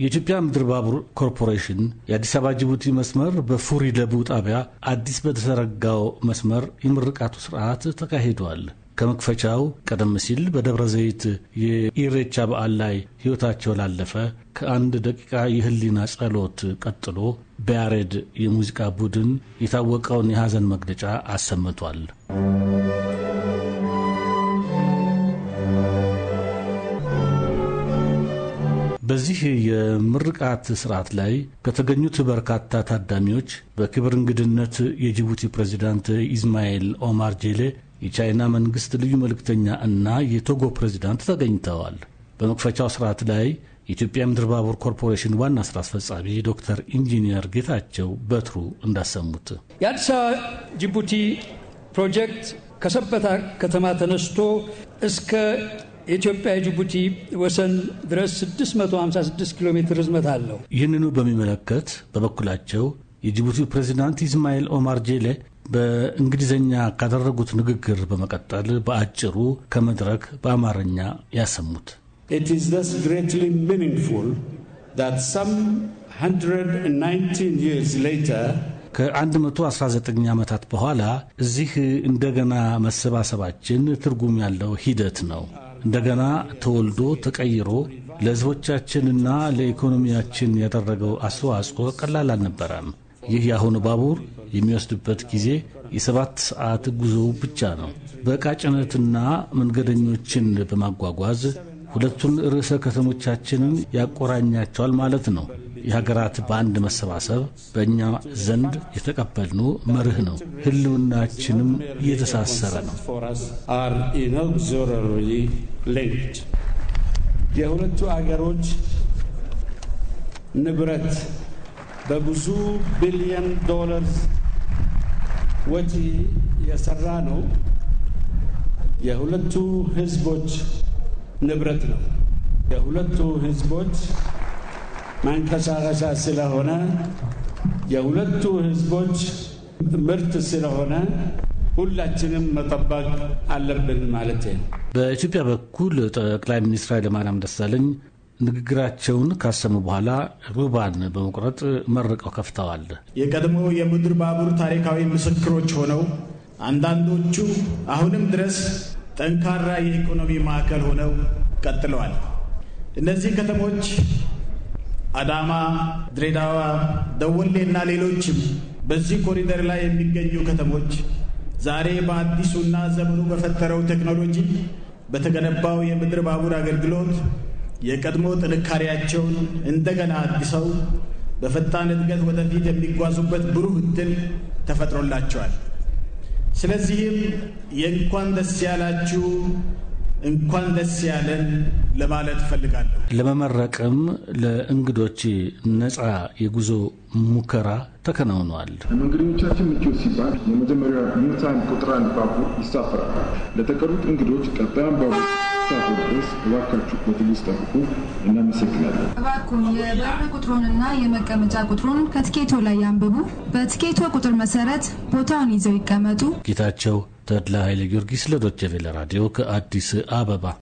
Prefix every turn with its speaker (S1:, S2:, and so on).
S1: የኢትዮጵያ ምድር ባቡር ኮርፖሬሽን የአዲስ አበባ ጅቡቲ መስመር በፉሪ ለቡ ጣቢያ አዲስ በተዘረጋው መስመር የምርቃቱ ስርዓት ተካሂዷል። ከመክፈቻው ቀደም ሲል በደብረ ዘይት የኢሬቻ በዓል ላይ ሕይወታቸው ላለፈ ከአንድ ደቂቃ የህሊና ጸሎት ቀጥሎ በያሬድ የሙዚቃ ቡድን የታወቀውን የሐዘን መግለጫ አሰምቷል። በዚህ የምርቃት ስርዓት ላይ ከተገኙት በርካታ ታዳሚዎች በክብር እንግድነት የጅቡቲ ፕሬዚዳንት ኢስማኤል ኦማር ጄሌ፣ የቻይና መንግስት ልዩ መልእክተኛ እና የቶጎ ፕሬዚዳንት ተገኝተዋል። በመክፈቻው ስርዓት ላይ የኢትዮጵያ ምድር ባቡር ኮርፖሬሽን ዋና ስራ አስፈጻሚ ዶክተር ኢንጂነር ጌታቸው በትሩ እንዳሰሙት
S2: የአዲስ አበባ ጅቡቲ ፕሮጀክት ከሰበታ ከተማ ተነስቶ እስከ የኢትዮጵያ ጅቡቲ ወሰን ድረስ 656 ኪሎ ሜትር
S1: ርዝመት አለው። ይህንኑ በሚመለከት በበኩላቸው የጅቡቲው ፕሬዚዳንት ኢስማኤል ኦማር ጄሌ በእንግሊዝኛ ካደረጉት ንግግር በመቀጠል በአጭሩ ከመድረክ በአማርኛ ያሰሙት It is thus greatly meaningful that some 119 ከ119 ዓመታት በኋላ እዚህ እንደገና መሰባሰባችን ትርጉም ያለው ሂደት ነው። እንደገና ተወልዶ ተቀይሮ ለሕዝቦቻችንና ለኢኮኖሚያችን ያደረገው አስተዋጽኦ ቀላል አልነበረም። ይህ የአሁኑ ባቡር የሚወስድበት ጊዜ የሰባት ሰዓት ጉዞ ብቻ ነው። በዕቃ ጭነትና መንገደኞችን በማጓጓዝ ሁለቱን ርዕሰ ከተሞቻችንን ያቆራኛቸዋል ማለት ነው። የሀገራት በአንድ መሰባሰብ በእኛ ዘንድ የተቀበልነው መርህ ነው። ህልውናችንም እየተሳሰረ ነው።
S2: የሁለቱ አገሮች ንብረት በብዙ ቢሊዮን ዶላር ወጪ የሰራ ነው። የሁለቱ ህዝቦች ንብረት ነው። የሁለቱ ህዝቦች ማንቀሳቀሻ ስለሆነ የሁለቱ ህዝቦች ምርት ስለሆነ ሁላችንም መጠበቅ አለብን ማለት ነው።
S1: በኢትዮጵያ በኩል ጠቅላይ ሚኒስትር ኃይለማርያም ደሳለኝ ንግግራቸውን ካሰሙ በኋላ ሩባን በመቁረጥ መርቀው ከፍተዋል።
S3: የቀድሞ የምድር ባቡር ታሪካዊ ምስክሮች ሆነው አንዳንዶቹ አሁንም ድረስ ጠንካራ የኢኮኖሚ ማዕከል ሆነው ቀጥለዋል። እነዚህ ከተሞች አዳማ፣ ድሬዳዋ፣ ደወሌ እና ሌሎችም በዚህ ኮሪደር ላይ የሚገኙ ከተሞች ዛሬ በአዲሱና ዘመኑ በፈጠረው ቴክኖሎጂ በተገነባው የምድር ባቡር አገልግሎት የቀድሞ ጥንካሬያቸውን እንደገና አድሰው በፈጣን እድገት ወደፊት የሚጓዙበት ብሩህ እድል ተፈጥሮላቸዋል። ስለዚህም የእንኳን ደስ ያላችሁ እንኳን ደስ ያለን ለማለት እፈልጋለሁ።
S1: ለመመረቅም ለእንግዶች ነፃ የጉዞ ሙከራ ተከናውኗል።
S3: ለመንገደኞቻችን ምቾት ሲባል የመጀመሪያ ምርታን ቁጥር አንድ ባቡር ይሳፈራል። ለተቀሩት እንግዶች ቀጣዩን ባቡር እስኪሳፈር ድረስ ጠብቁ። እናመሰግናለን። እባክዎን የበር ቁጥሩንና የመቀመጫ ቁጥሩን ከትኬቶ ላይ ያንብቡ። በትኬቶ ቁጥር መሰረት ቦታውን ይዘው ይቀመጡ።
S1: ጌታቸው ተድላ ኃይለ ጊዮርጊስ ለዶቸቬለ ራዲዮ ከአዲስ
S2: አበባ